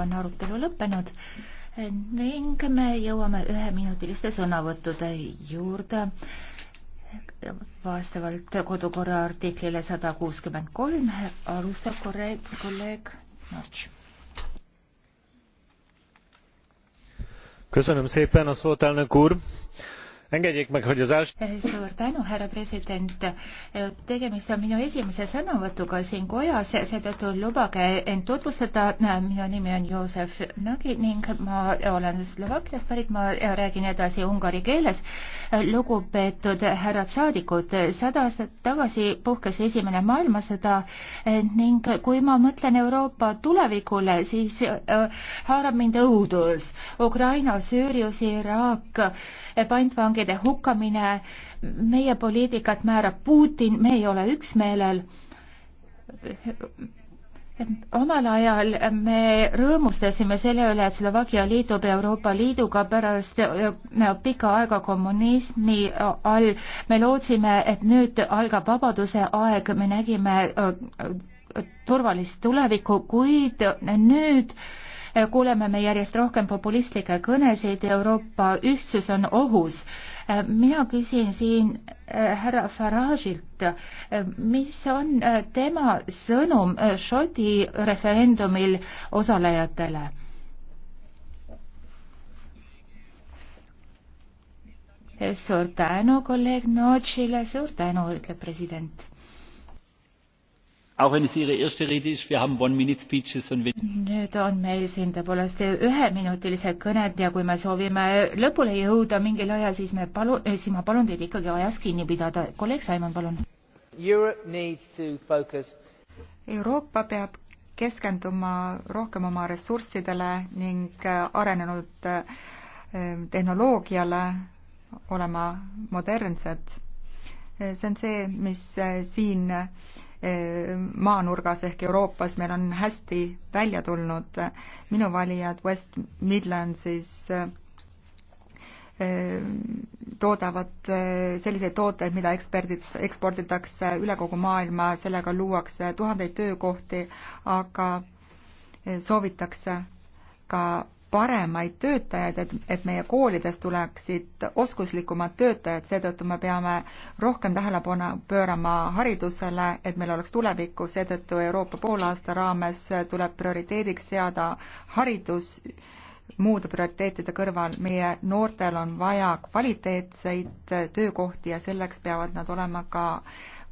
on arutelu lõppenud ning me jõuame üheminutiliste sõnavõttude juurde vastavalt kodukorra artiklile sada kuuskümmend kolm alustab kolleeg Notš. köszönöm szépen a szót elnök úr! engedjék meg, hogy az els... Suur tänu, härra president. Tegemist on minu esimese sõnavõtuga siin kojas, seetõttu lubage end tutvustada. Minu nimi on Joosef Nagi ning ma olen Slovakkiast pärit, ma räägin edasi ungari keeles. Lugupeetud härrad saadikud, sada aastat tagasi puhkes esimene maailmasõda ning kui ma mõtlen Euroopa tulevikule, siis haarab mind õudus. Ukraina, Süürius, Iraak, pandvangi kurjategede hukkamine, meie poliitikat määrab Putin, me ei ole üksmeelel. omal ajal me rõõmustasime selle üle, et Slovakkia liitub Euroopa Liiduga pärast äh, pikka aega kommunismi all. me lootsime, et nüüd algab vabaduse aeg, me nägime äh, äh, turvalist tulevikku, kuid nüüd äh, Eh, kuuleme me järjest rohkem populistlikke kõnesid, Euroopa ühtsus on ohus. Eh, mina küsin siin eh, härra Farage'ilt, mis on tema sõnum Šoti referendumil osalejatele? suur tänu kolleeg Notšile, suur tänu, ütleb president Auch wenn es Ihre erste Rede ist, wir haben One-Minute-Speeches und wenn... Nüüd on meil siin tõepoolest üheminutilised kõned ja kui me soovime lõpule jõuda mingil ajal, siis me palu-, eh, siis ma palun teid ikkagi ajas kinni pidada. kolleeg Simon, palun. Euroopa peab keskenduma rohkem oma ressurssidele ning eh, arenenud eh, tehnoloogiale, olema modernsed. see on see, mis siin maanurgas ehk Euroopas meil on hästi välja tulnud. minu valijad West Midlandsis eh, toodavad eh, selliseid tooteid, mida eksperdid, eksporditakse üle kogu maailma, sellega luuakse tuhandeid töökohti, aga eh, soovitakse ka paremaid töötajaid, et, et meie koolidest tuleksid oskuslikumad töötajad, seetõttu me peame rohkem tähelepanu pöörama haridusele, et meil oleks tulevikku, seetõttu Euroopa poolaasta raames tuleb prioriteediks seada haridus muude prioriteetide kõrval. meie noortel on vaja kvaliteetseid töökohti ja selleks peavad nad olema ka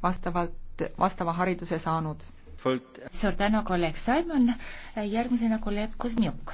vastavalt, vastava hariduse saanud. suur tänu, kolleeg Simon, järgmisena kolleeg Kuzmjuk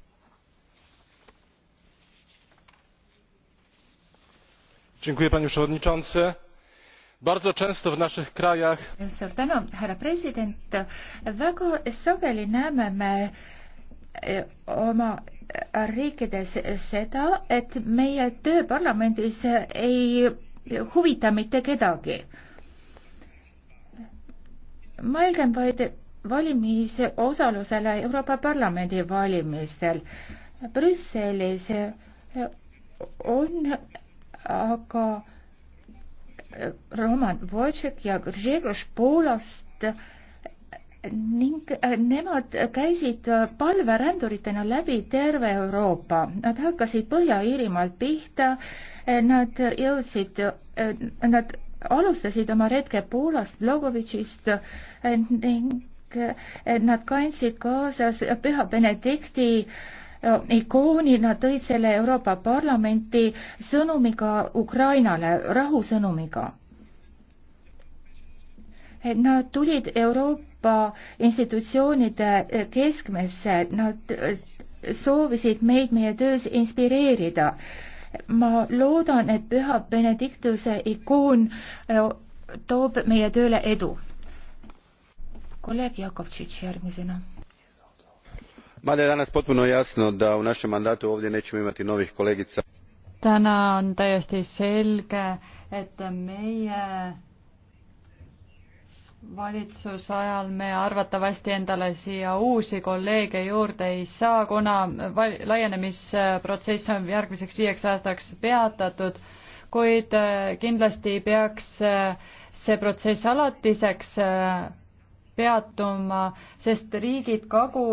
panie przewodniczący! bardzo często w naszych krajach väga sageli näeme me eh, oma eh, riikides seda et meie töö parlamendis ei huvita mitte kedagi. mõelgem vaid valimisosalusele Euroopa Parlamendi valimistel. Brüsselis on aga eh, Roman Wojcik ja Grzegorz Poolast eh, ning eh, nemad käisid palveränduritena läbi terve Euroopa. Nad hakkasid Põhja-Iirimaalt pihta, nad jõudsid, nad alustasid oma retke Poolast, Blogovitšist ning nad kandsid kaasas püha Benedikti äh, ikooni, nad tõid selle Euroopa Parlamenti sõnumiga Ukrainale, rahusõnumiga. Nad tulid Euroopa institutsioonide keskmesse, nad soovisid meid meie töös inspireerida. ma loodan, et püha Benediktuse ikoon e, toob meie tööle edu. kolleeg Jakovtšitš järgmisena mada je danas potpuno jasno da u našem mandatu ovdje nećemo imati novih kolegica täna on täiesti selge et meie valitsuse ajal me arvatavasti endale siia uusi kolleege juurde ei saa, kuna laienemisprotsess on järgmiseks viieks aastaks peatatud, kuid äh, kindlasti peaks äh, see protsess alatiseks äh, peatuma, sest riigid kagu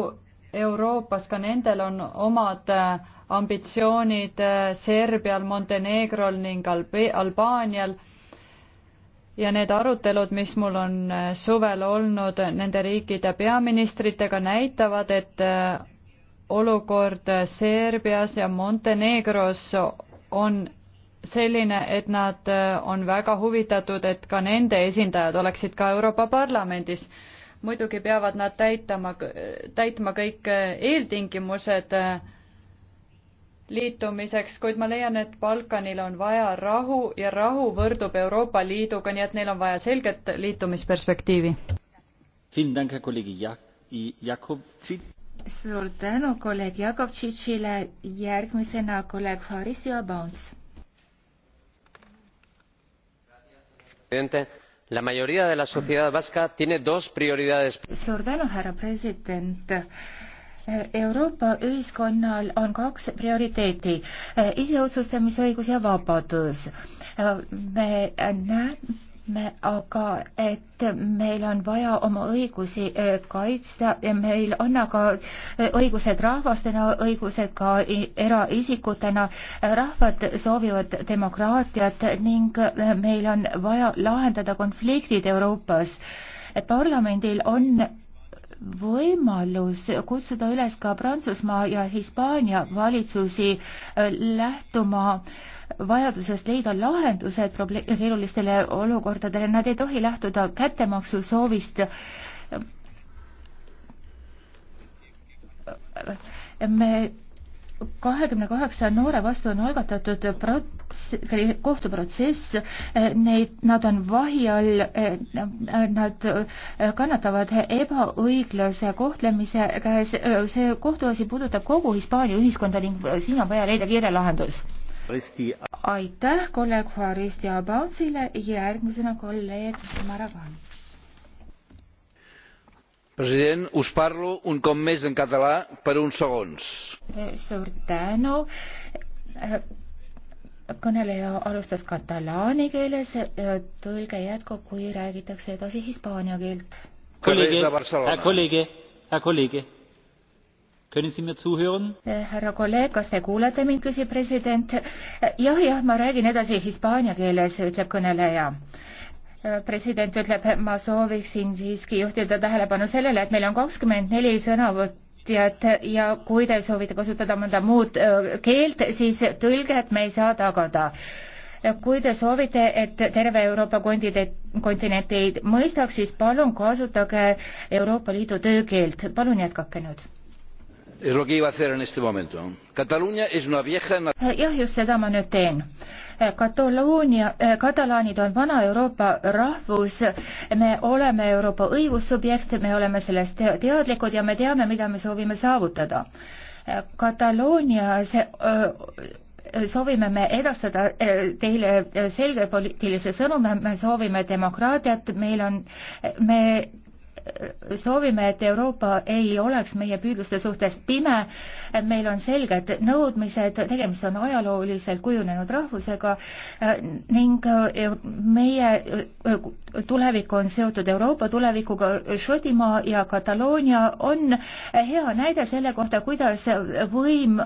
Euroopas, ka nendel on omad äh, ambitsioonid äh, Serbial, Montenegrol ning Albe-, Albaanial ja need arutelud, mis mul on äh, suvel olnud nende riikide peaministritega, näitavad, et olukord Serbias ja Montenegros on selline, et nad on väga huvitatud, et ka nende esindajad oleksid ka Euroopa Parlamendis muidugi peavad nad täitama, täitma kõik äh, eeltingimused äh, liitumiseks, kuid ma leian, et Balkanil on vaja rahu ja rahu võrdub Euroopa Liiduga, nii et neil on vaja selget liitumisperspektiivi. suur tänu kolleeg Jakovtšitšile, järgmisena kolleeg Haris Jobauns la mayoría de la sociedad vasca tiene dos prioridades. suur tänu, härra president. Euroopa ühiskonnal on kaks prioriteeti, iseotsustamisõigus ja vabadus. me näeme me aga, et meil on vaja oma õigusi e, kaitsta ja meil on aga e, õigused rahvastena, õigused ka eraisikutena. rahvad soovivad demokraatiat ning e, meil on vaja lahendada konfliktid Euroopas. parlamendil on võimalus kutsuda üles ka Prantsusmaa ja Hispaania valitsusi äh, lähtuma vajadusest leida lahendused keerulistele olukordadele. Nad ei tohi lähtuda kättemaksu soovist. me kahekümne kaheksa noore vastu on algatatud prots-, kohtuprotsess, neid, nad on vahi all, nad kannatavad ebaõiglase kohtlemise käes, see kohtuasi puudutab kogu Hispaania ühiskonda ning siin on vaja leida kiire lahendus. aitäh kolleeg Juaristi Abautsile, järgmisena kolleeg Maragan president us parlo un cop més en català per uns segons. Eh, suur tänu. Eh, kõneleja alustas katalaani keeles, eh, tõlge jätkub, kui räägitakse edasi hispaania keelt. Äh, äh, härra kolleeg, kas te kuulete mind, küsib president. jah, jah, ma räägin edasi hispaania keeles, ütleb kõneleja president ütleb, ma sooviksin siiski juhtida tähelepanu sellele, et meil on kakskümmend neli sõnavõtjat ja kui te soovite kasutada mõnda muud äh, keelt, siis tõlget me ei saa tagada. kui te soovite, et terve Euroopa kontinent teid mõistaks, siis palun kasutage Euroopa Liidu töökeelt. palun jätkake nüüd Eh, jah, just seda ma nüüd teen. Eh, Kataloonia, eh, katalaanid on vana Euroopa rahvus, me oleme Euroopa õigussubjekt, me oleme sellest teadlikud ja me teame, mida me soovime saavutada. Kataloonia see öö, soovime me edastada teile selge poliitilise sõnumi, me soovime demokraatiat, meil on, me soovime, et Euroopa ei oleks meie püüdluste suhtes pime. meil on selged nõudmised, tegemist on ajalooliselt kujunenud rahvusega äh, ning äh, meie äh, tulevik on seotud Euroopa tulevikuga. Šotimaa ja Kataloonia on hea näide selle kohta, kuidas võim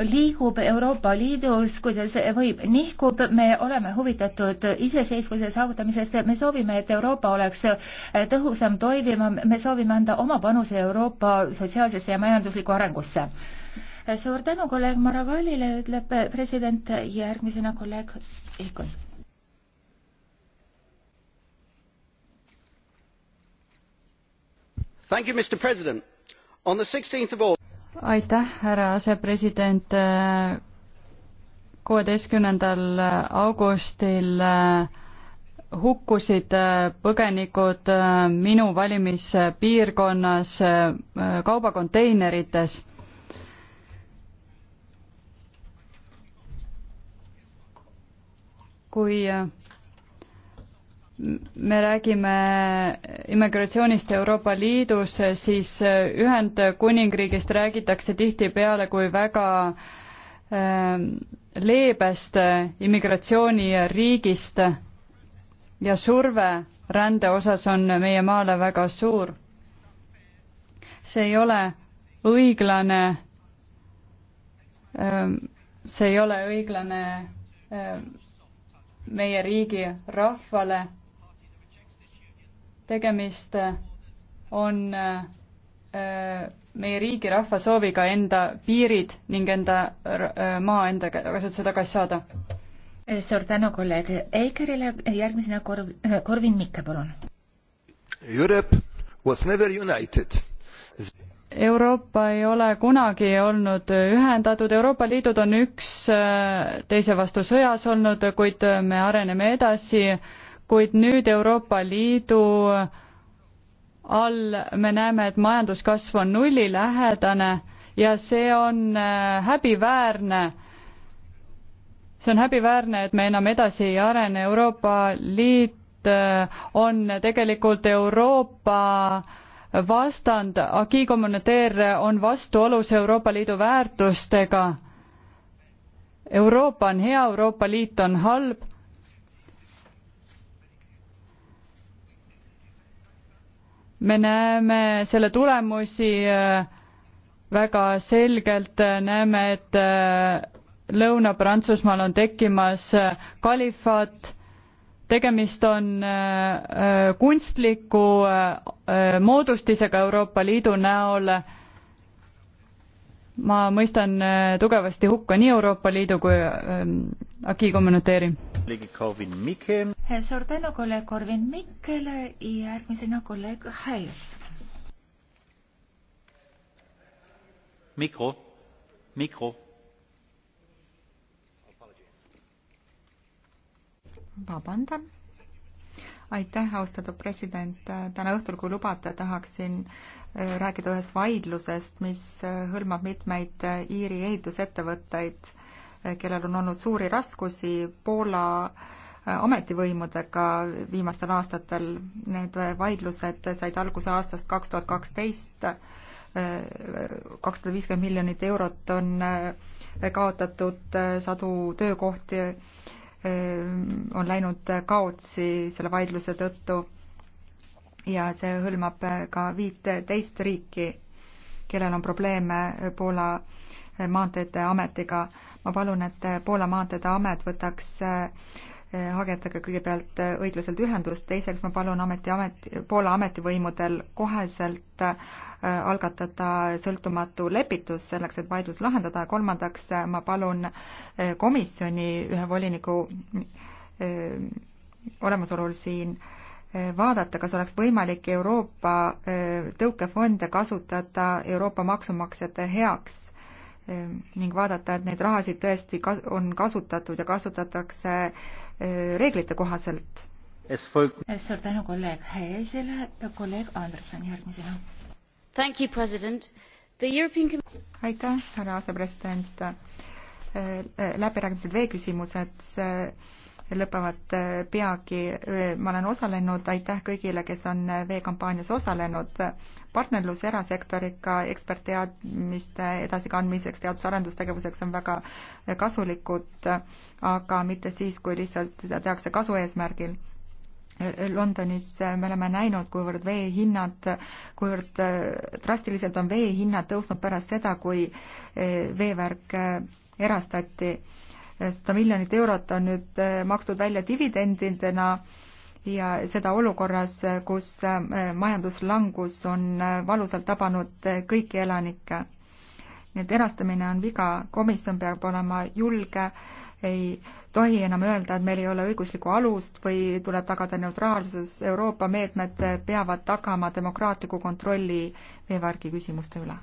liigub Euroopa Liidus, kuidas võim nihkub. me oleme huvitatud iseseisvuse saavutamisest, me soovime, et Euroopa oleks tõhus tõhusam toimima, me soovime anda oma panuse Euroopa sotsiaalsesse ja majanduslikku arengusse. suur tänu kolleeg Maragalile, ütleb president, järgmisena kolleeg Eikon. Thank you, Mr President. On the 16th of August aitäh, härra asepresident. kuueteistkümnendal augustil äh, hukkusid äh, põgenikud äh, minu valimispiirkonnas äh, kaubakonteinerites. kui me räägime immigratsioonist Euroopa Liidus, siis Ühendkuningriigist räägitakse tihtipeale kui väga leebest immigratsiooniriigist ja surve rände osas on meie maale väga suur. see ei ole õiglane, ähm, see ei ole õiglane ähm, meie riigi rahvale. tegemist on äh, meie riigi rahva sooviga enda piirid ning enda äh, maa enda kasutusse tagasi saada. Eh, suur tänu kolleeg Eikerile, järgmisena Korv-, eh, Korvin Mikke, palun. Europe was never united. Euroopa ei ole kunagi olnud ühendatud, Euroopa Liidud on üks eh, teise vastu sõjas olnud, kuid me areneme edasi, kuid nüüd Euroopa Liidu all me näeme, et majanduskasv on nullilähedane ja see on häbiväärne see on häbiväärne, et me enam edasi ei arene, Euroopa Liit äh, on tegelikult Euroopa vastand, acquis communautaire on vastuolus Euroopa Liidu väärtustega. Euroopa on hea, Euroopa Liit on halb. me näeme selle tulemusi äh, väga selgelt, näeme, et äh, Lõuna-Prantsusmaal on tekkimas äh, kalifaat, tegemist on äh, äh, kunstliku moodustisega Euroopa Liidu näol. ma mõistan tugevasti hukka nii Euroopa Liidu kui ähm, Aki kommenteeri. suur tänu kolleeg Korvin Mikkele ja järgmisena kolleeg Häis. mikro, mikro vabandan. aitäh, austatud president, täna õhtul, kui lubate, tahaksin äh, rääkida ühest vaidlusest, mis äh, hõlmab mitmeid äh, Iiri ehitusettevõtteid, kellel on olnud suuri raskusi Poola ametivõimudega viimastel aastatel. Need vaidlused said alguse aastast kaks tuhat kaksteist kakssada viiskümmend miljonit eurot on kaotatud sadu töökohti Ehm, on läinud kaotsi selle vaidluse tõttu ja see hõlmab äh, ka viit teist riiki, kellel on probleeme äh, Poola äh, maanteede ametiga. ma palun, et Poola maanteede amet võtaks Eh, hagedage kõigepealt eh, õiglaselt ühendust, teiseks ma palun ameti, ameti, Poola ametivõimudel koheselt eh, algatada sõltumatu lepitus selleks, et vaidlus lahendada ja kolmandaks ma palun komisjoni ühe voliniku olemasolul siin vaadata, kas oleks võimalik Euroopa tõukefonde kasutada Euroopa maksumaksjate heaks Ehm, ning vaadata, et neid rahasid tõesti kas-, on kasutatud ja kasutatakse ehm, reeglite kohaselt. suur tänu kolleeg Häesele ja kolleeg Anderson järgmisena. European... aitäh, härra asepresident. Ehm, läbirääkimised veeküsimused, see lõpevad äh, peagi. Äh, ma olen osalenud, aitäh kõigile, kes on äh, veekampaanias osalenud. partnerlus erasektoriga ekspertteadmiste edasikandmiseks, teadus-arendustegevuseks on väga kasulikud, aga mitte siis, kui lihtsalt seda tehakse kasu eesmärgil Londonis me oleme näinud, kuivõrd vee hinnad, kuivõrd drastiliselt on vee hinnad tõusnud pärast seda, kui veevärk erastati sada miljonit eurot on nüüd äh, makstud välja dividendidena ja seda olukorras, kus äh, majanduslangus on äh, valusalt tabanud kõiki elanikke. nii et erastamine on viga, komisjon peab olema julge, ei tohi enam öelda, et meil ei ole õiguslikku alust või tuleb tagada neutraalsus, Euroopa meetmed peavad tagama demokraatliku kontrolli veevärgi küsimuste üle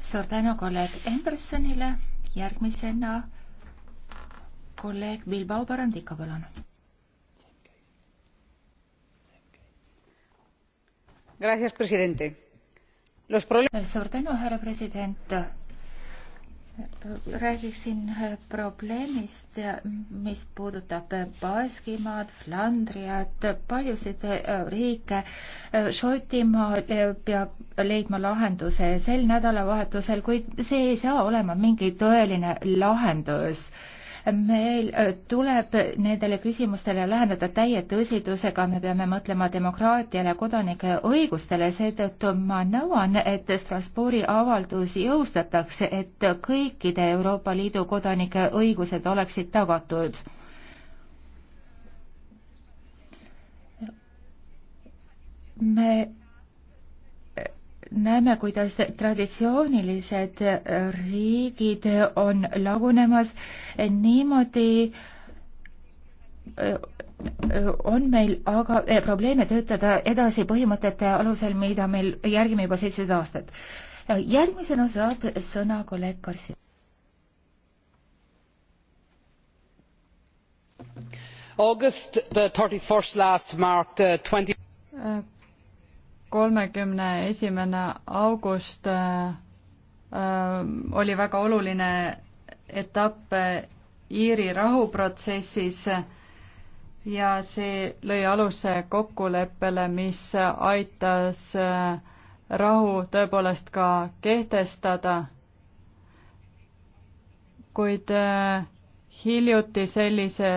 suur tänu kolleeg Andersonile, järgmisena kolleeg Bilbao Barandika, palun. suur tänu, härra president räägiksin äh, probleemist, äh, mis puudutab äh, Baskimaad, Flandriat, paljusid riike. Šotimaa peab leidma lahenduse sel nädalavahetusel, kuid see ei saa olema mingi tõeline lahendus meil äh, tuleb nendele küsimustele läheneda täie tõsidusega, me peame mõtlema demokraatiale, kodanike õigustele, seetõttu ma nõuan, et Strasbourgi avaldus jõustatakse, et kõikide Euroopa Liidu kodanike õigused oleksid tagatud me näeme, kuidas traditsioonilised riigid on lagunemas niimoodi eh, eh, on meil aga eh, probleeme töötada edasi põhimõtete alusel, mida meil järgime juba seitseteist aastat. järgmisena saab sõna kolleeg Karsi. August the thirty first last marked twenty 20 kolmekümne esimene august äh, äh, oli väga oluline etapp äh, Iiri rahuprotsessis ja see lõi aluse kokkuleppele, mis aitas rahu tõepoolest ka kehtestada. kuid hiljuti sellise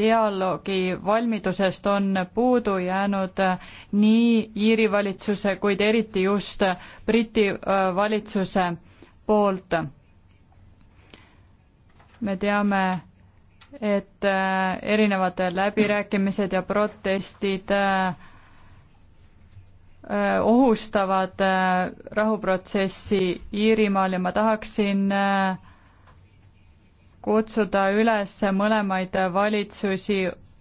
dialoogi valmidusest on puudu jäänud nii Iiri valitsuse, kuid eriti just Briti valitsuse poolt. me teame, et erinevad läbirääkimised ja protestid ohustavad rahuprotsessi Iirimaal ja ma tahaksin äh, kutsuda üles mõlemaid valitsusi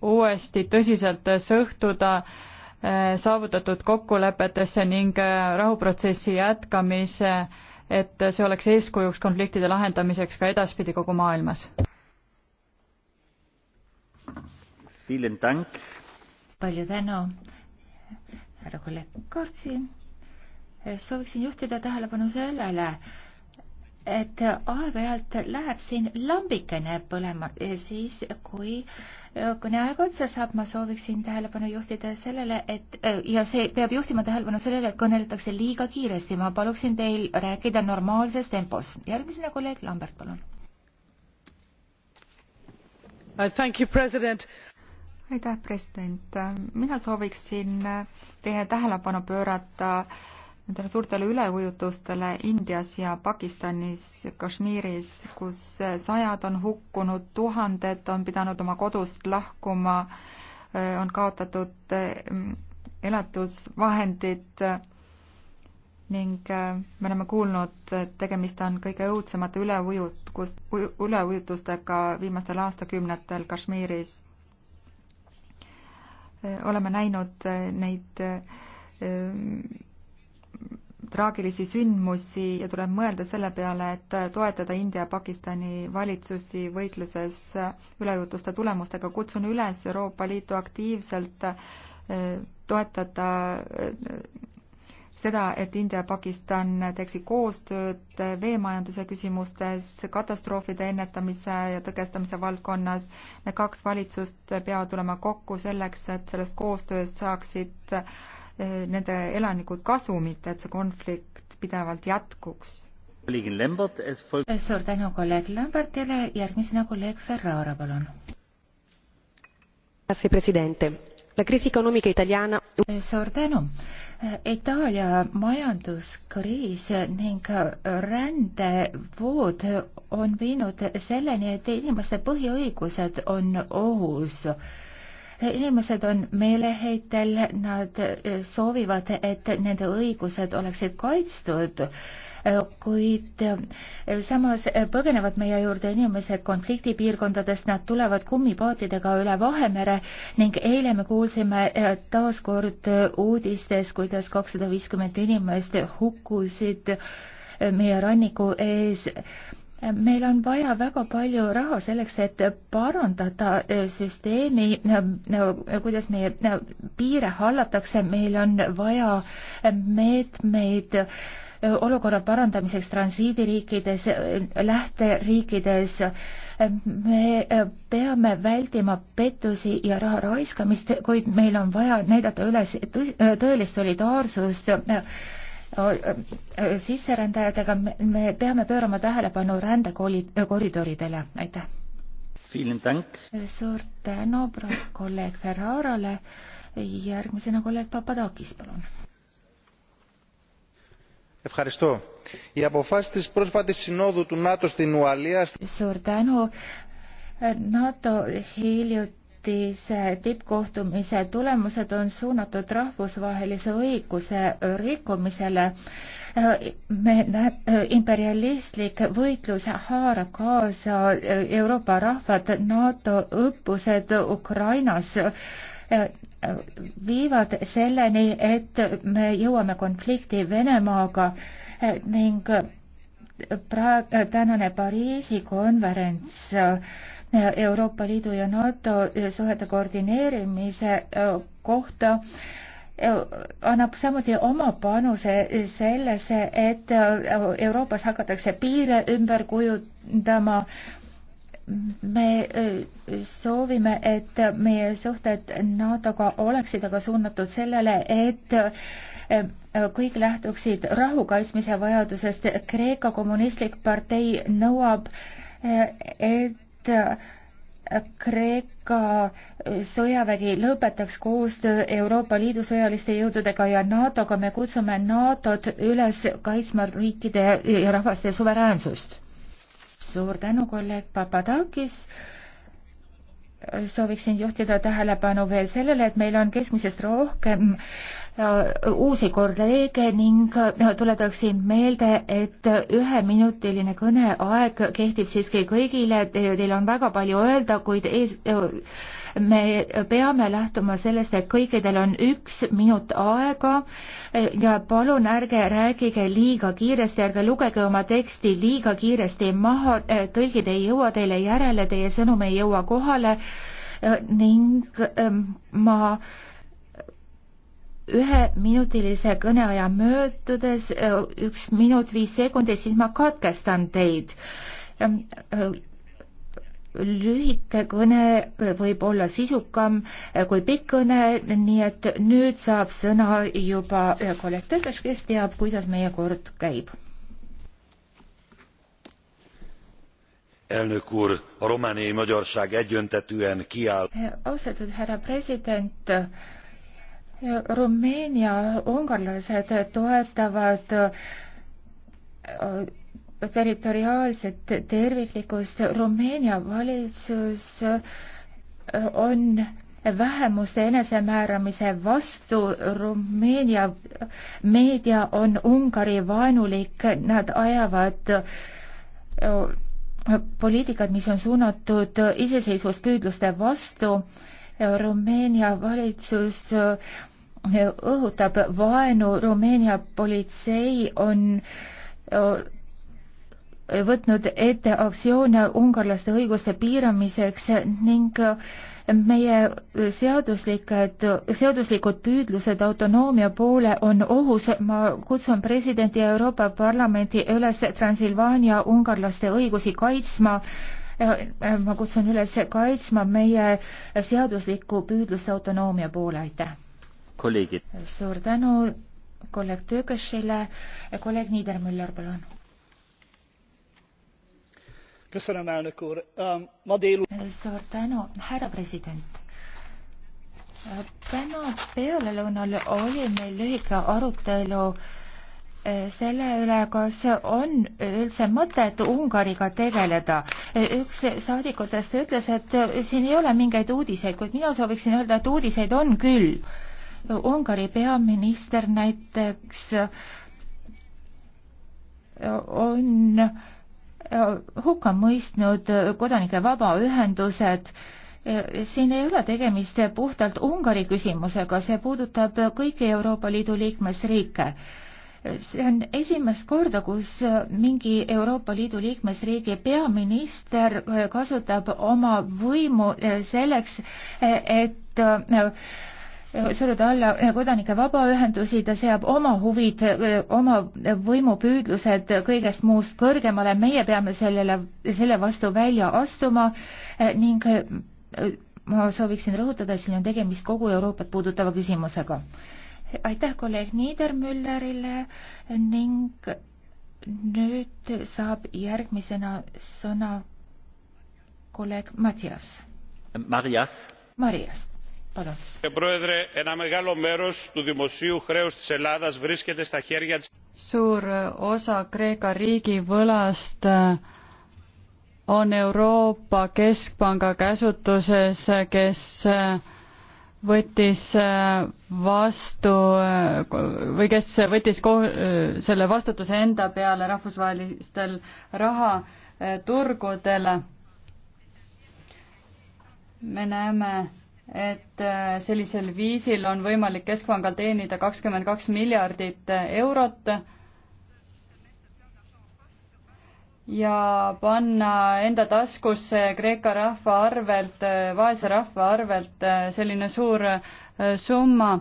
uuesti tõsiselt sõhtuda eh, saavutatud kokkulepetesse ning eh, rahuprotsessi jätkamise, et see oleks eeskujuks konfliktide lahendamiseks ka edaspidi kogu maailmas. palju tänu, härra kolleeg Kaartsi. Eh, sooviksin juhtida tähelepanu sellele, et aeg-ajalt läheb siin lambikene põlema, siis kui äh, kõneaeg otsa saab, ma sooviksin tähelepanu juhtida sellele, et äh, ja see peab juhtima tähelepanu sellele, et kõneletakse liiga kiiresti. ma paluksin teil rääkida normaalses tempos. järgmisena kolleeg Lambert, palun. Uh, aitäh, president. mina sooviksin äh, teie tähelepanu pöörata äh, nendele suurtele üleujutustele Indias ja Pakistanis, Kashmiris, kus sajad on hukkunud, tuhanded on pidanud oma kodust lahkuma, on kaotatud mm, elatusvahendid ning me oleme kuulnud, et tegemist on kõige õudsemate üleujutust, üleujutustega viimastel aastakümnetel Kashmiris. oleme näinud neid mm, traagilisi sündmusi ja tuleb mõelda selle peale, et toetada India ja Pakistani valitsusi võitluses üleujutuste tulemustega. kutsun üles Euroopa Liitu aktiivselt eh, toetada eh, seda, et India ja Pakistan teeksid koostööd eh, veemajanduse küsimustes, katastroofide ennetamise ja tõkestamise valdkonnas. Need kaks valitsust peavad tulema kokku selleks, et sellest koostööst saaksid nende elanikud kasumit, et see konflikt pidevalt jätkuks. Eh, suur tänu kolleeg Lambertile, järgmisena kolleeg Ferrara, palun. Eh, suur tänu. Eh, Itaalia majanduskriis ning rändevood on viinud selleni, et inimeste põhiõigused on ohus inimesed on meeleheitel, nad eh, soovivad, et nende õigused oleksid kaitstud eh, kuid eh, samas põgenevad meie juurde inimesed konfliktipiirkondadest, nad tulevad kummipaatidega üle Vahemere ning eile me kuulsime taas kord uudistes, kuidas kakssada viiskümmend inimest hukkusid meie ranniku ees meil on vaja väga palju raha selleks, et parandada e, süsteemi, e, e, kuidas meie piire hallatakse, meil on vaja meetmeid olukorra parandamiseks transiidiriikides, lähteriikides. me peame vältima pettusi ja raha raiskamist, kuid meil on vaja näidata üles tõelist solidaarsust sisserändajatega, me peame pöörama tähelepanu rändekoridoridele, aitäh. suur tänu kolleeg Ferrarale, järgmisena kolleeg Papadakis, palun. Ευχαριστώ. Οι αποφάσεις της πρόσφατης συνόδου του ΝΑΤΟ στην Ουαλία... Suur tänu. NATO hiljuti hiljutise eh, tippkohtumise tulemused on suunatud rahvusvahelise õiguse rikkumisele. Eh, me näe-, eh, imperialistlik võitlus haarab kaasa Euroopa rahvad, NATO õppused Ukrainas viivad selleni, et me jõuame konflikti Venemaaga ning praegu tänane Pariisi konverents Euroopa Liidu ja NATO suhete koordineerimise kohta annab samuti oma panuse sellesse, et Euroopas hakatakse piire ümber kujundama. me soovime, et meie suhted NATO-ga oleksid aga suunatud sellele, et kõik lähtuksid rahu kaitsmise vajadusest. Kreeka kommunistlik partei nõuab, et Äh, Kreeka äh, sõjavägi lõpetaks koostöö Euroopa Liidu sõjaliste jõududega ja NATO-ga. me kutsume NATO-t üles kaitsma riikide ja rahvaste suveräänsust. suur tänu, kolleeg Papadakis sooviksin juhtida tähelepanu veel sellele, et meil on keskmisest rohkem Äh, uusi kolleege ning äh, tuletaksin meelde, et üheminutiline kõneaeg kehtib siiski kõigile, teil on väga palju öelda, kuid ees, äh, me peame lähtuma sellest, et kõikidel on üks minut aega ja palun ärge rääkige liiga kiiresti, ärge lugege oma teksti liiga kiiresti maha, tõlgid ei jõua teile järele, teie sõnum ei jõua kohale ning ähm, ma üheminutilise kõneaja möödudes äh, üks minut viis sekundit, siis ma katkestan teid. Ähm, äh, lühike kõne võib olla sisukam äh, kui pikk kõne, nii et nüüd saab sõna juba kolleeg Tõkes, kes teab, kuidas meie kord käib. elnök úr, a romániai magyarság egyöntetűen kiáll. austatud härra president Rumeenia ungarlased toetavad äh, territoriaalset terviklikkust. Rumeenia valitsus äh, on vähemuste enesemääramise vastu. Rumeenia meedia on Ungari vaenulik, nad ajavad äh, poliitikat, mis on suunatud iseseisvuspüüdluste vastu Rumeenia valitsus õhutab vaenu Rumeenia politsei on võtnud ette aktsioone ungarlaste õiguste piiramiseks ning meie seaduslikud, seaduslikud püüdlused autonoomia poole on ohus. ma kutsun presidenti ja Euroopa Parlamenti üles Transilvaania ungarlaste õigusi kaitsma. ma kutsun üles kaitsma meie seaduslikku püüdlust autonoomia poole, aitäh kolleegid. suur tänu kolleeg Töökasile. kolleeg Niidermüller, palun. suur tänu, härra president täna pealelõunal oli meil lühike arutelu eh, selle üle, kas on üldse mõtet Ungariga tegeleda. Eh, üks saadikutest ütles, et siin ei ole mingeid uudiseid, kuid mina sooviksin öelda, et uudiseid on küll Ungari peaminister näiteks äh, on äh, hukka mõistnud kodanike vabaühendused. Äh, siin ei ole tegemist puhtalt Ungari küsimusega, see puudutab kõiki Euroopa Liidu liikmesriike see on esimest korda, kus mingi Euroopa Liidu liikmesriigi peaminister kasutab oma võimu selleks, et suruda alla kodanike vabaühendusi, ta seab oma huvid, oma võimupüüdlused kõigest muust kõrgemale, meie peame sellele, selle vastu välja astuma ning ma sooviksin rõhutada, et siin on tegemist kogu Euroopat puudutava küsimusega. aitäh kolleeg Niedermüllerile ning nüüd saab järgmisena sõna kolleeg Mattias. Marias. Marias Palun. suur osa Kreeka riigivõlast äh, on Euroopa Keskpanga käsutuses, äh, kes äh, võttis vastu või kes võttis selle vastutuse enda peale rahvusvahelistel rahaturgudel. me näeme et äh, sellisel viisil on võimalik Keskpangal teenida kakskümmend kaks miljardit äh, eurot ja panna enda taskusse Kreeka rahva arvelt, äh, vaese rahva arvelt selline suur summa.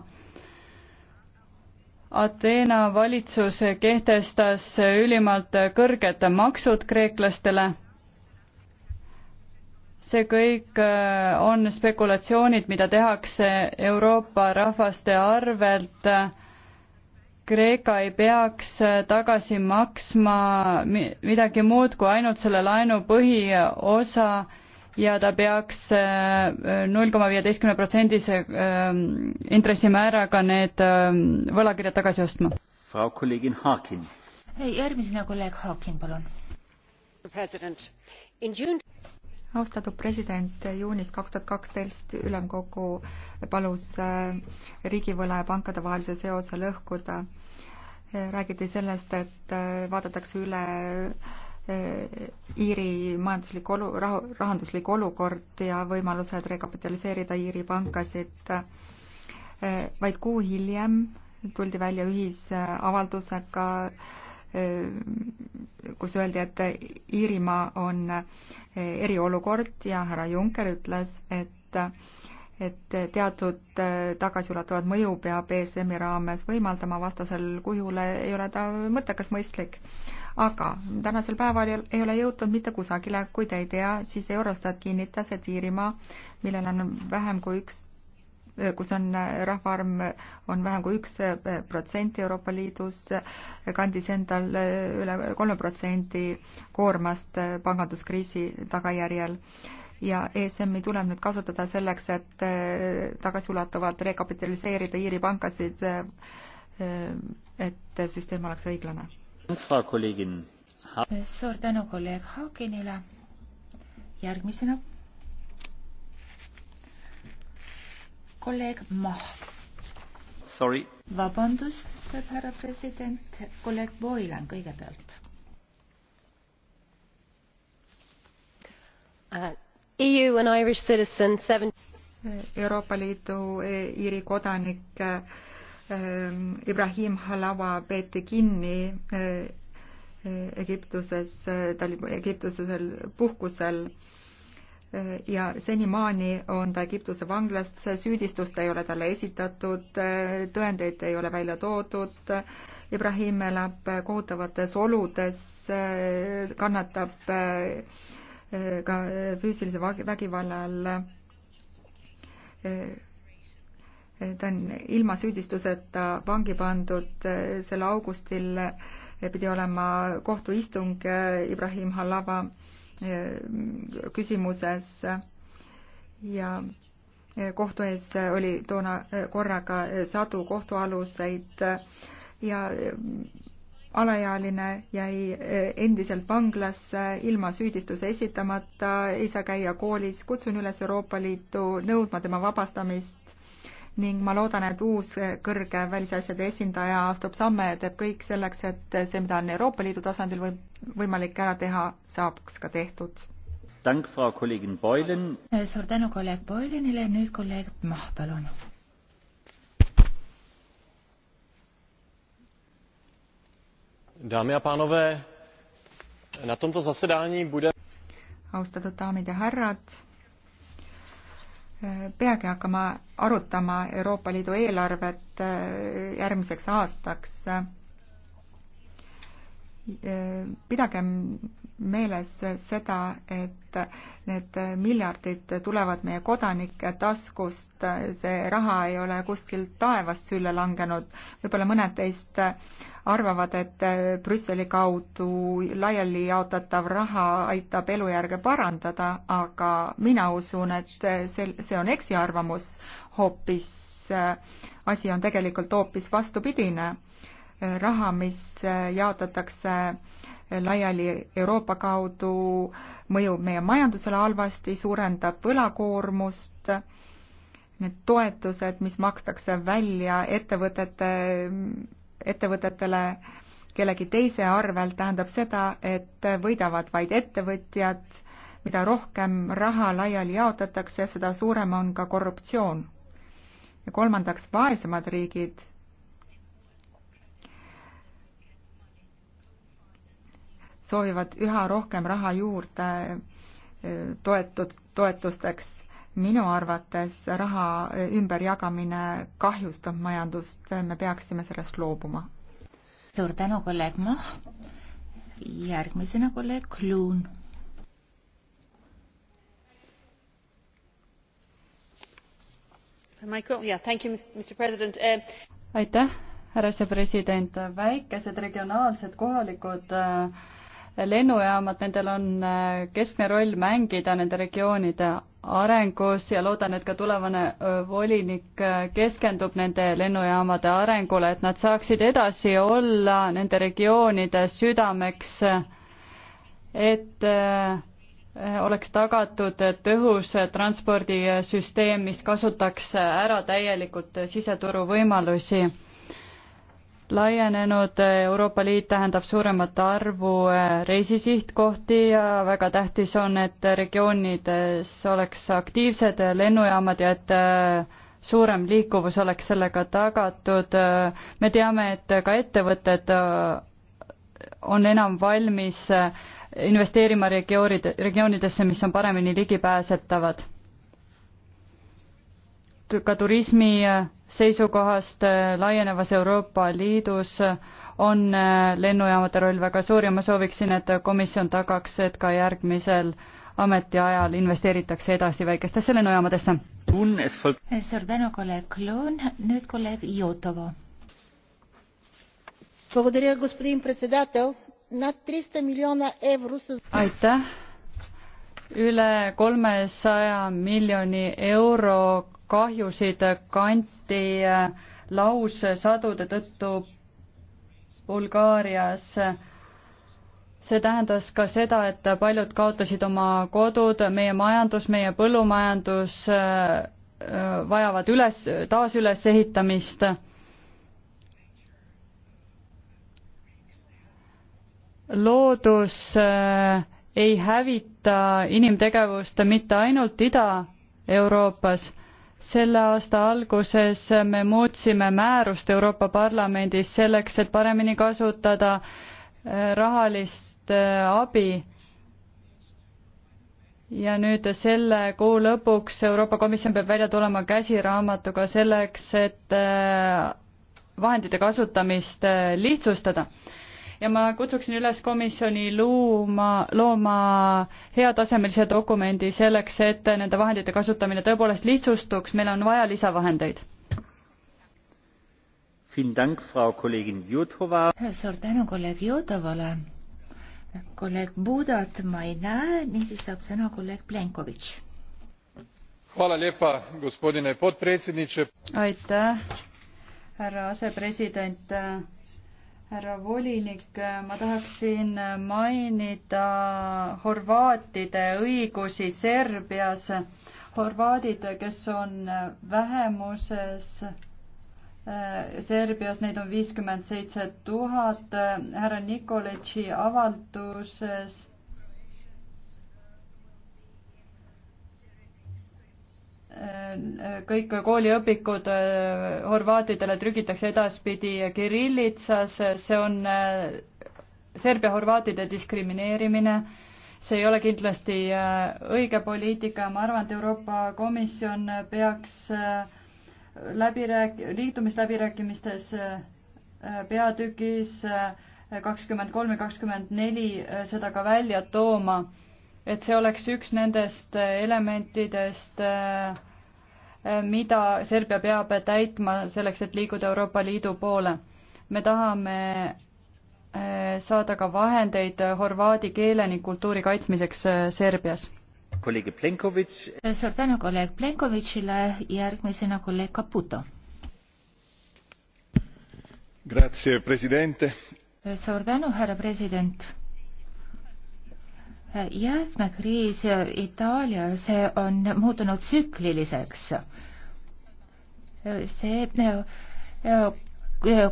Ateena valitsus kehtestas ülimalt kõrged maksud kreeklastele see kõik äh, on spekulatsioonid, mida tehakse Euroopa rahvaste arvelt. Kreeka ei peaks äh, tagasi maksma midagi muud kui ainult selle laenu põhiosa ja ta peaks äh, null koma viieteistkümne protsendise ähm, intressimääraga need ähm, võlakirjad tagasi ostma. Frau Kollegin Harkin. järgmisena kolleeg Harkin, palun austatud president, juunis kaks tuhat kaksteist ülemkogu palus äh, riigivõla ja pankade vahelise seose lõhkuda. Äh, räägiti sellest, et äh, vaadatakse üle Iiri majanduslik olu, rahanduslik olukord ja võimalused rekapitaliseerida Iiri pankasid. vaid kuu hiljem tuldi välja ühisavaldusega kus öeldi, et Iirimaa on eriolukord ja härra Juncker ütles, et et teatud tagasiulatuvat mõju peab ESM-i raames võimaldama, vastasel kujul ei ole ta mõttekas mõistlik. aga tänasel päeval ei ole jõutud mitte kusagile, kui te ei tea, siis Eurostat kinnitas, et Iirimaa, millel on vähem kui üks kus on äh, rahvaarv, on vähem kui üks äh, protsent Euroopa Liidus, äh, kandis endal üle kolme protsendi koormast panganduskriisi tagajärjel. ja ESM-i tuleb nüüd kasutada selleks, et tagasiulatuvalt rekapitaliseerida Iiri pankasid, et süsteem oleks õiglane. suur tänu kolleeg Haakinile. järgmisena kolleeg Mah. Sorry. vabandust, ütleb härra president, kolleeg Boylan kõigepealt uh,. EU and Irish citizen seven. Euroopa Liidu Iiri kodanik äh, Ibrahim Halawa peeti kinni äh, Egiptuses äh,, ta oli Egiptuses puhkusel äh, ja senimaani on ta Egiptuse vanglas, süüdistust ei ole talle esitatud, tõendeid ei ole välja toodud. Ibrahim elab kohutavates oludes, kannatab eh, ka füüsilise vägivalla all. Eh, ta on ilma süüdistuseta vangi pandud eh, selle augustil pidi olema kohtuistung Ibrahim Halava Eh, küsimuses ja eh, kohtu ees oli toona eh, korraga sadu kohtualuseid ja alaealine jäi endiselt vanglasse ilma süüdistuse esitamata, ei saa käia koolis. kutsun üles Euroopa Liitu nõudma tema vabastamist ning ma loodan, et uus kõrge välisasjade esindaja astub samme ja teeb kõik selleks, et see, mida on Euroopa Liidu tasandil või võimalik ära teha, saaks ka tehtud. suur tänu kolleeg Boylenile, nüüd kolleeg Mah, palun. Dámy a pánové, na tomto zasedání bude... Austatud daamid ja härrad, peagi hakkama arutama Euroopa Liidu eelarvet äh, järgmiseks aastaks Äh, pidagem meeles seda, et need miljardid tulevad meie kodanike taskust, see raha ei ole kuskilt taevast sülle langenud. võib-olla mõned teist arvavad, et Brüsseli kaudu laiali jaotatav raha aitab elujärge parandada, aga mina usun, et see, see on eksiarvamus hoopis, äh, asi on tegelikult hoopis vastupidine raha, mis äh, jaotatakse äh, laiali Euroopa kaudu, mõjub meie majandusele halvasti, suurendab võlakoormust, need toetused, mis makstakse välja ettevõtete, ettevõtetele kellegi teise arvelt, tähendab seda, et võidavad vaid ettevõtjad, mida rohkem raha laiali jaotatakse, seda suurem on ka korruptsioon. ja kolmandaks, vaesemad riigid soovivad üha rohkem raha juurde eh, toetud, toetusteks. minu arvates raha ümberjagamine kahjustab majandust, me peaksime sellest loobuma. suur tänu, kolleeg Mah. järgmisena kolleeg Kluun um, aitäh härra see president väikesed regionaalsed kohalikud äh, lennujaamad, nendel on äh, keskne roll mängida nende regioonide arengus ja loodan, et ka tulevane volinik äh, keskendub nende lennujaamade arengule, et nad saaksid edasi olla nende regioonide südameks, et äh, oleks tagatud tõhus transpordisüsteem, mis kasutaks ära täielikult siseturu võimalusi laienenud Euroopa Liit tähendab suuremat arvu eh, reisisihtkohti ja väga tähtis on, et regioonides oleks aktiivsed lennujaamad ja et eh, suurem liikuvus oleks sellega tagatud. me teame, et ka ettevõtted eh, on enam valmis investeerima regioonid, regioonidesse, mis on paremini ligipääsetavad ka turismi seisukohast laienevas Euroopa Liidus on lennujaamade roll väga suur ja ma sooviksin, et komisjon tagaks, et ka järgmisel ametiajal investeeritakse edasi väikestesse lennujaamadesse. suur tänu, kolleeg Kloon, nüüd kolleeg Jutova. aitäh, üle kolmesaja miljoni euro kahjusid kanti äh, laussadude tõttu Bulgaarias. see tähendas ka seda, et paljud kaotasid oma kodud, meie majandus, meie põllumajandus äh, äh, vajavad üles, taasülesehitamist loodus ei hävita inimtegevust mitte ainult Ida-Euroopas, selle aasta alguses me muutsime määrust Euroopa Parlamendis selleks, et paremini kasutada äh, rahalist äh, abi ja nüüd selle kuu lõpuks Euroopa Komisjon peab välja tulema käsiraamatuga selleks, et äh, vahendite kasutamist lihtsustada ja ma kutsuksin üles komisjoni luuma, looma heatasemelise dokumendi selleks, et nende vahendite kasutamine tõepoolest lihtsustuks, meil on vaja lisavahendeid. suur tänu kolleeg Jutovale. kolleeg Budat ma ei näe, niisiis saab sõna kolleeg Plenkovitš gospodine predsjednie härra asepresident härra volinik, ma tahaksin mainida horvaatide õigusi Serbias. horvaadid, kes on vähemuses eh, Serbias, neid on viiskümmend seitse tuhat. härra Nikolitši avalduses kõik kooliõpikud äh, horvaatidele trükitakse edaspidi kirillitsas, see on äh, Serbia-horvaatide diskrimineerimine, see ei ole kindlasti äh, õige poliitika, ma arvan, et Euroopa Komisjon peaks läbirääk-, liitumisläbirääkimistes peatükis kakskümmend kolm ja kakskümmend neli seda ka välja tooma et see oleks üks nendest elementidest, äh, mida Serbia peab täitma selleks, et liiguda Euroopa Liidu poole. me tahame äh, saada ka vahendeid horvaadi keele ning kultuuri kaitsmiseks äh, Serbias. suur tänu kolleeg Plenkovitšile, järgmisena kolleeg Caputo. suur tänu, härra president jäätmekriis Itaalias on muutunud tsükliliseks. see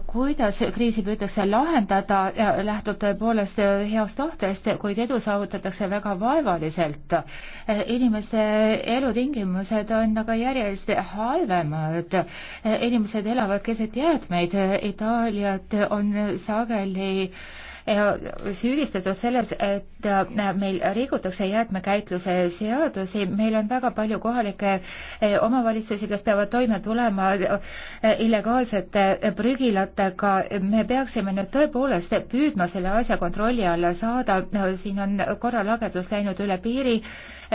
kuidas kriisi püütakse lahendada, lähtub tõepoolest heast tahtest, kuid edu saavutatakse väga vaevaliselt. inimeste elutingimused on aga järjest halvemad. inimesed elavad keset jäätmeid, Itaaliat on sageli äh, Äh, süüdistatud selles, et äh, meil rikutakse jäätmekäitluse seadusi, meil on väga palju kohalikke äh, omavalitsusi, kes peavad toime tulema illegaalsete prügilatega, me peaksime nüüd tõepoolest püüdma selle asja kontrolli alla saada, siin on korralagedus läinud üle piiri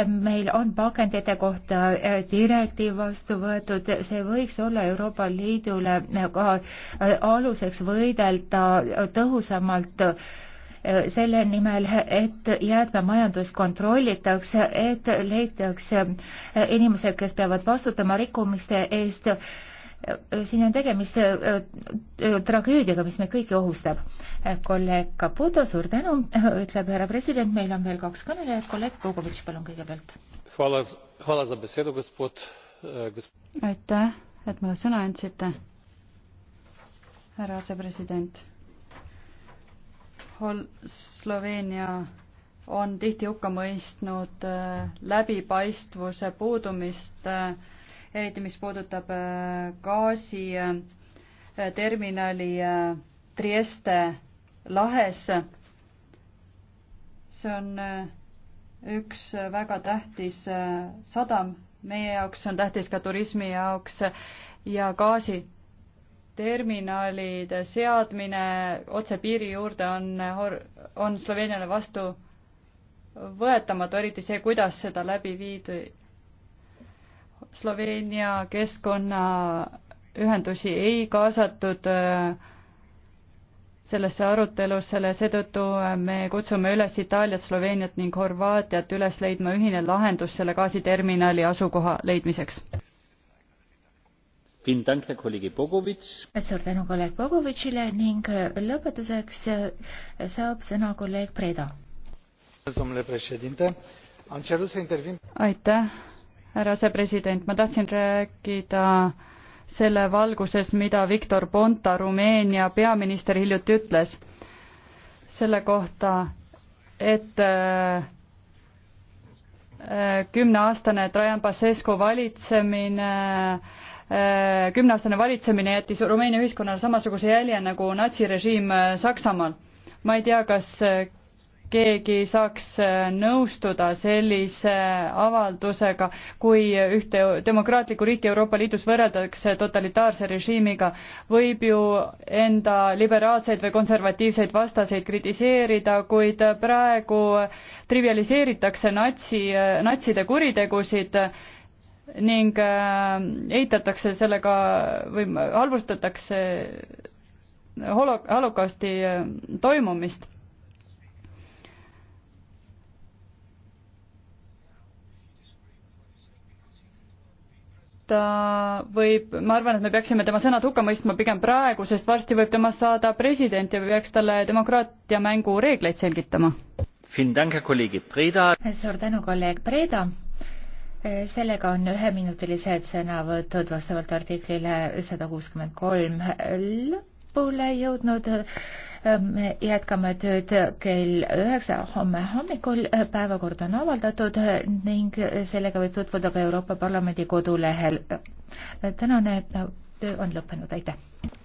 meil on pakendite kohta äh, direktiiv vastu võetud, see võiks olla Euroopa Liidule äh, ka äh, aluseks võidelda tõhusamalt selle nimel, et jäätmemajandust kontrollitakse, et leitakse inimesed, kes peavad vastutama rikkumiste eest siin on tegemist äh, äh, tragöödiaga, mis meid kõiki ohustab. Äh, kolleeg Caputo, suur tänu, ütleb härra president, meil on veel kaks kõnelejat, kolleeg Pugovitš, palun kõigepealt. aitäh, et mulle sõna andsite, härra asepresident. Hol-, Sloveenia on tihti hukka mõistnud läbipaistvuse puudumist äh, eriti mis puudutab äh, gaasiterminali äh, äh, Trieste lahes. see on üks väga tähtis sadam, meie jaoks on tähtis ka turismi jaoks ja gaasi terminalide seadmine otse piiri juurde on, on Sloveeniale vastu võetamatu, eriti see, kuidas seda läbi viidi Sloveenia keskkonnaühendusi ei kaasatud äh, sellesse arutelusele, seetõttu äh, me kutsume üles Itaaliat, Sloveeniat ning Horvaatiat üles leidma ühine lahendus selle gaasiterminali asukoha leidmiseks. suur tänu kolleeg Bogovitšile ning äh, lõpetuseks saab sõna kolleeg Preda. aitäh härra asepresident, ma tahtsin rääkida selle valguses, mida Viktor Ponta, Rumeenia peaminister hiljuti ütles selle kohta, et äh, kümneaastane Trajan Pasescu valitsemine äh, kümneaastane valitsemine jättis Rumeenia ühiskonnale samasuguse jälje nagu natsirežiim äh, Saksamaal. ma ei tea, kas keegi saaks äh, nõustuda sellise äh, avaldusega, kui ühte demokraatlikku riiki Euroopa Liidus võrreldakse totalitaarse režiimiga. võib ju enda liberaalseid või konservatiivseid vastaseid kritiseerida, kuid praegu trivialiseeritakse natsi, äh, natside kuritegusid ning eitatakse sellega või halvustatakse holo-, holokausti toimumist ta võib, ma arvan, et me peaksime tema sõnad hukka mõistma pigem praegu, sest varsti võib temast saada president ja peaks talle demokraatia mängureegleid selgitama. suur tänu, kolleeg Preda. sellega on üheminutilised sõnavõtud vastavalt artiklile sada kuuskümmend kolm lõpule jõudnud. Ehm, me jätkame tööd kell üheksa homme hommikul, päevakord on avaldatud ning sellega võib tutvuda ka Euroopa Parlamendi kodulehel. tänane töö on lõppenud, aitäh!